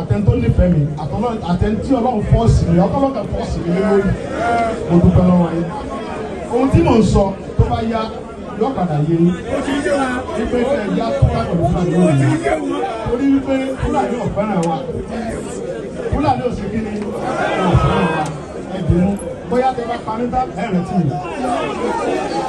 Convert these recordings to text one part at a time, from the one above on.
àtẹ̀ntó nífẹ̀ẹ́ mi àtẹ̀ntí ọlọ́run fọ́ọ̀sì mi ọkọlọ́kẹ fọ́ọ̀sì mi lórí mo dúpẹ́ lọ́wọ́ yín ohun tí mò ń sọ tó bá yá yọ padà yé yín wípé ẹ yá túká pẹ̀lú fúlàní òní torí wípé fúlàní ọ̀fẹ́ràn wa fúlàní òsì kí ni ọ̀fẹ́ràn wa ẹ dùnú bóyá tẹ bá parí bá ẹ̀rẹ̀ tì mí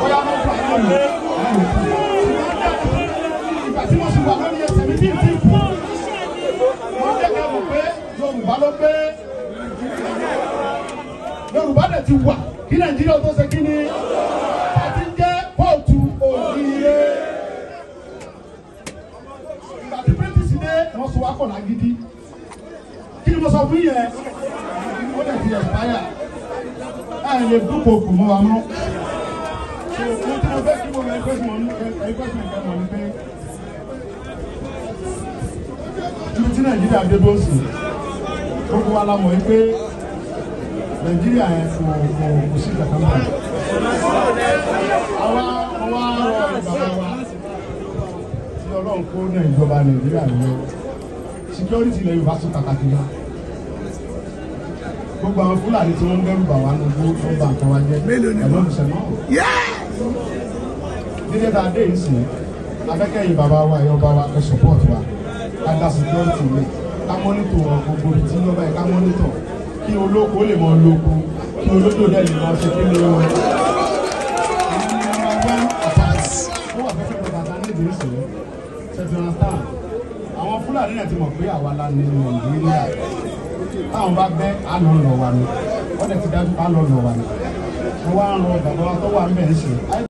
bóyá bá parí mi ẹ̀rẹ̀ tì mí. yorùbá ló gbé yorùbá dẹ̀ ti wà kí nàìjíríà tó ṣe kí ni àti jẹ́ pọ́ọ̀tù òdìyẹ. ìgbà tí british dé wọ́n sọ wá kọ̀ọ̀lá gidi kí ni mo sọ fún yẹn ó dẹ̀ ti ẹ̀spáyà ẹ̀ lè dúpọ̀ ògùn mọ́ wa mọ́. mo tí mo fẹ́ kí mo mọ ẹgbẹ́ tí mo ní ẹgbẹ́ tí ní ẹgbẹ́ tí Nàìjíríà dé bó ń sìn gbogbo wa la mọ̀ pé nàìjíríà yẹn kò kò kò sí ìgbà kan báyìí. àwa àwa rọ bàbá wa tí ọlọ́run kó náà nàìjíríà lọ security ilẹ̀ yorùbá tún kàkàtì náà gbogbo àwọn fúlàní tí wọ́n ń dẹ́rù bà wá ní gbogbo tó ń bà nǹkan wá jẹ́ ẹ̀lọ́ mùsùlùmọ́. dídé tá a dé yìí sí abẹ́kẹ́yìn bàbá wa ẹ̀yọ́ bá wa ẹ̀ support wa ká dá security ilẹ̀ ká mọ́nítọ̀ gbogbo tí wọ́n báyìí ká mọ́nítọ̀ kí olóko lè mọ olóko kí olódò dẹ̀ lè máa ṣe kí lè wọn. àwọn fúlàní náà ti mọ̀ pé àwa la ní nàìjíríà táwọn bá bẹ́ àlọ́ lọ wà wọ́n dẹ̀ ti dájú àlọ́ lọ wà wọ́n wá rọ bàbá wa tó wà ń bẹ̀ ń ṣe.